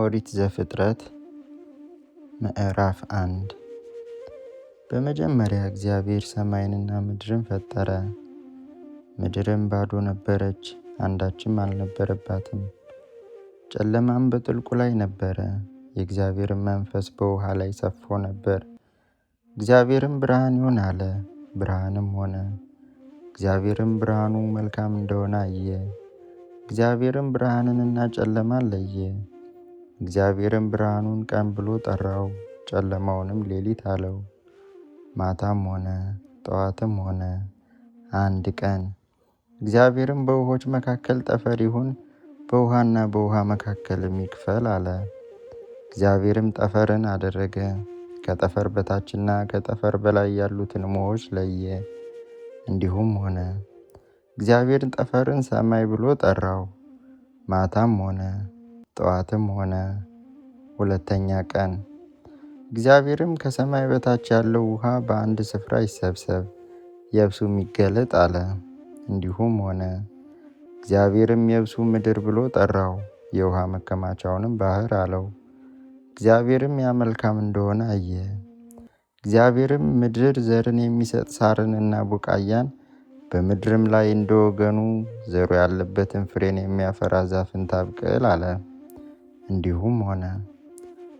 ኦሪት ዘፍጥረት ምዕራፍ አንድ በመጀመሪያ እግዚአብሔር ሰማይንና ምድርን ፈጠረ። ምድርም ባዶ ነበረች፣ አንዳችም አልነበረባትም። ጨለማም በጥልቁ ላይ ነበረ፣ የእግዚአብሔርን መንፈስ በውሃ ላይ ሰፎ ነበር። እግዚአብሔርም ብርሃን ይሁን አለ፣ ብርሃንም ሆነ። እግዚአብሔርም ብርሃኑ መልካም እንደሆነ አየ። እግዚአብሔርም ብርሃንንና ጨለማን ለየ። እግዚአብሔርም ብርሃኑን ቀን ብሎ ጠራው፣ ጨለማውንም ሌሊት አለው። ማታም ሆነ ጠዋትም ሆነ አንድ ቀን። እግዚአብሔርም በውሆች መካከል ጠፈር ይሁን፣ በውሃና በውሃ መካከልም ይክፈል አለ። እግዚአብሔርም ጠፈርን አደረገ፣ ከጠፈር በታችና ከጠፈር በላይ ያሉትን ውሆች ለየ። እንዲሁም ሆነ። እግዚአብሔር ጠፈርን ሰማይ ብሎ ጠራው። ማታም ሆነ ጠዋትም ሆነ ሁለተኛ ቀን እግዚአብሔርም ከሰማይ በታች ያለው ውሃ በአንድ ስፍራ ይሰብሰብ፣ የብሱም ይገለጥ አለ። እንዲሁም ሆነ። እግዚአብሔርም የብሱ ምድር ብሎ ጠራው፣ የውሃ መከማቻውንም ባህር አለው። እግዚአብሔርም ያ መልካም እንደሆነ አየ። እግዚአብሔርም ምድር ዘርን የሚሰጥ ሳርንና ቡቃያን በምድርም ላይ እንደወገኑ ዘሩ ያለበትን ፍሬን የሚያፈራ ዛፍን ታብቅል አለ። እንዲሁም ሆነ።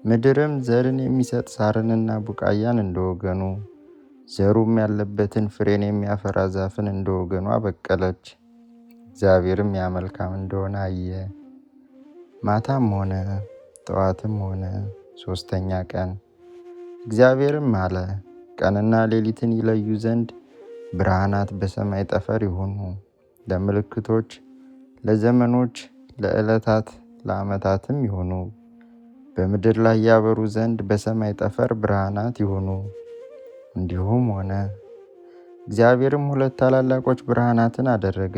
ምድርም ዘርን የሚሰጥ ሳርንና ቡቃያን እንደወገኑ ዘሩም ያለበትን ፍሬን የሚያፈራ ዛፍን እንደወገኑ አበቀለች። እግዚአብሔርም ያ መልካም እንደሆነ አየ። ማታም ሆነ ጠዋትም ሆነ ሶስተኛ ቀን። እግዚአብሔርም አለ፣ ቀንና ሌሊትን ይለዩ ዘንድ ብርሃናት በሰማይ ጠፈር ይሁኑ፣ ለምልክቶች፣ ለዘመኖች፣ ለዕለታት ለዓመታትም ይሆኑ በምድር ላይ ያበሩ ዘንድ በሰማይ ጠፈር ብርሃናት ይሆኑ እንዲሁም ሆነ። እግዚአብሔርም ሁለት ታላላቆች ብርሃናትን አደረገ።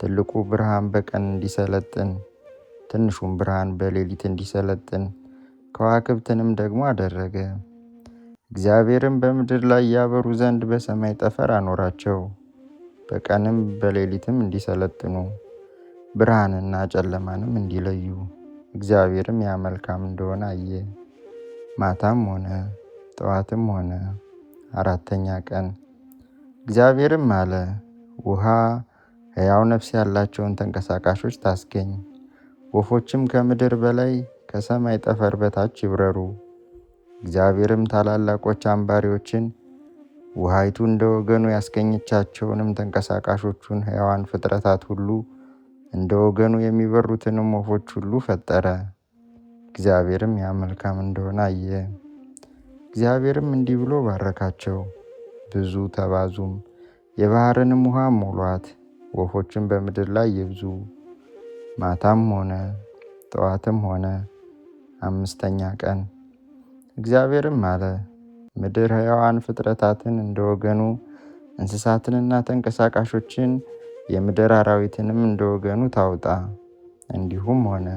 ትልቁ ብርሃን በቀን እንዲሰለጥን፣ ትንሹም ብርሃን በሌሊት እንዲሰለጥን ከዋክብትንም ደግሞ አደረገ። እግዚአብሔርም በምድር ላይ ያበሩ ዘንድ በሰማይ ጠፈር አኖራቸው፣ በቀንም በሌሊትም እንዲሰለጥኑ ብርሃንና ጨለማንም እንዲለዩ እግዚአብሔርም ያ መልካም እንደሆነ አየ። ማታም ሆነ ጠዋትም ሆነ አራተኛ ቀን። እግዚአብሔርም አለ፣ ውሃ ሕያው ነፍስ ያላቸውን ተንቀሳቃሾች ታስገኝ፣ ወፎችም ከምድር በላይ ከሰማይ ጠፈር በታች ይብረሩ። እግዚአብሔርም ታላላቆች አንባሪዎችን ውሃይቱ እንደ ወገኑ ያስገኘቻቸውንም ተንቀሳቃሾቹን ሕያዋን ፍጥረታት ሁሉ እንደ ወገኑ የሚበሩትንም ወፎች ሁሉ ፈጠረ። እግዚአብሔርም ያ መልካም እንደሆነ አየ። እግዚአብሔርም እንዲህ ብሎ ባረካቸው፣ ብዙ ተባዙም፣ የባህርንም ውሃ ሞሏት፣ ወፎችን በምድር ላይ ይብዙ። ማታም ሆነ ጠዋትም ሆነ አምስተኛ ቀን። እግዚአብሔርም አለ፣ ምድር ሕያዋን ፍጥረታትን እንደ ወገኑ እንስሳትንና ተንቀሳቃሾችን የምድር አራዊትንም እንደ ወገኑ ታውጣ። እንዲሁም ሆነ።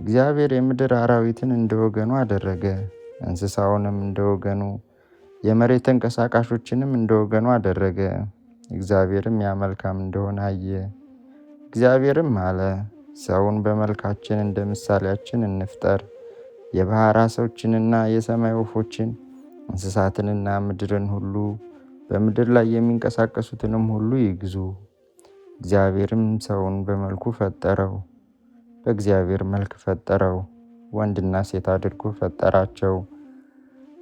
እግዚአብሔር የምድር አራዊትን እንደ ወገኑ አደረገ፣ እንስሳውንም እንደ ወገኑ፣ የመሬት ተንቀሳቃሾችንም እንደ ወገኑ አደረገ። እግዚአብሔርም ያ መልካም እንደሆነ አየ። እግዚአብሔርም አለ፣ ሰውን በመልካችን እንደ ምሳሌያችን እንፍጠር፣ የባህር ዓሦችንና የሰማይ ወፎችን እንስሳትንና ምድርን ሁሉ በምድር ላይ የሚንቀሳቀሱትንም ሁሉ ይግዙ። እግዚአብሔርም ሰውን በመልኩ ፈጠረው፣ በእግዚአብሔር መልክ ፈጠረው፣ ወንድና ሴት አድርጎ ፈጠራቸው።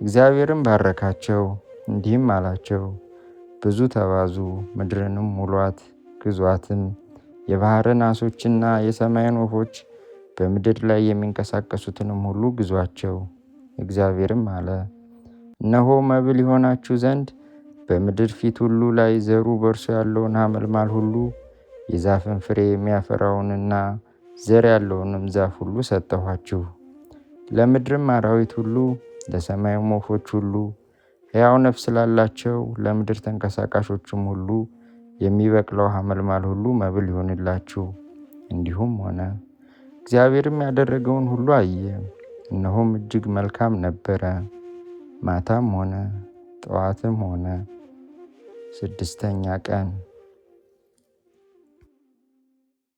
እግዚአብሔርም ባረካቸው፣ እንዲህም አላቸው፣ ብዙ ተባዙ፣ ምድርንም ሙሏት፣ ግዟትም። የባህርን ዓሦችና የሰማይን ወፎች በምድር ላይ የሚንቀሳቀሱትንም ሁሉ ግዟቸው። እግዚአብሔርም አለ፣ እነሆ መብል ይሆናችሁ ዘንድ በምድር ፊት ሁሉ ላይ ዘሩ በእርሱ ያለውን ሐመልማል ሁሉ የዛፍን ፍሬ የሚያፈራውንና ዘር ያለውንም ዛፍ ሁሉ ሰጠኋችሁ። ለምድርም አራዊት ሁሉ፣ ለሰማይም ወፎች ሁሉ፣ ሕያው ነፍስ ላላቸው ለምድር ተንቀሳቃሾችም ሁሉ የሚበቅለው ሐመልማል ሁሉ መብል ይሆንላችሁ። እንዲሁም ሆነ። እግዚአብሔርም ያደረገውን ሁሉ አየ፣ እነሆም እጅግ መልካም ነበረ። ማታም ሆነ ጠዋትም ሆነ ስድስተኛ ቀን።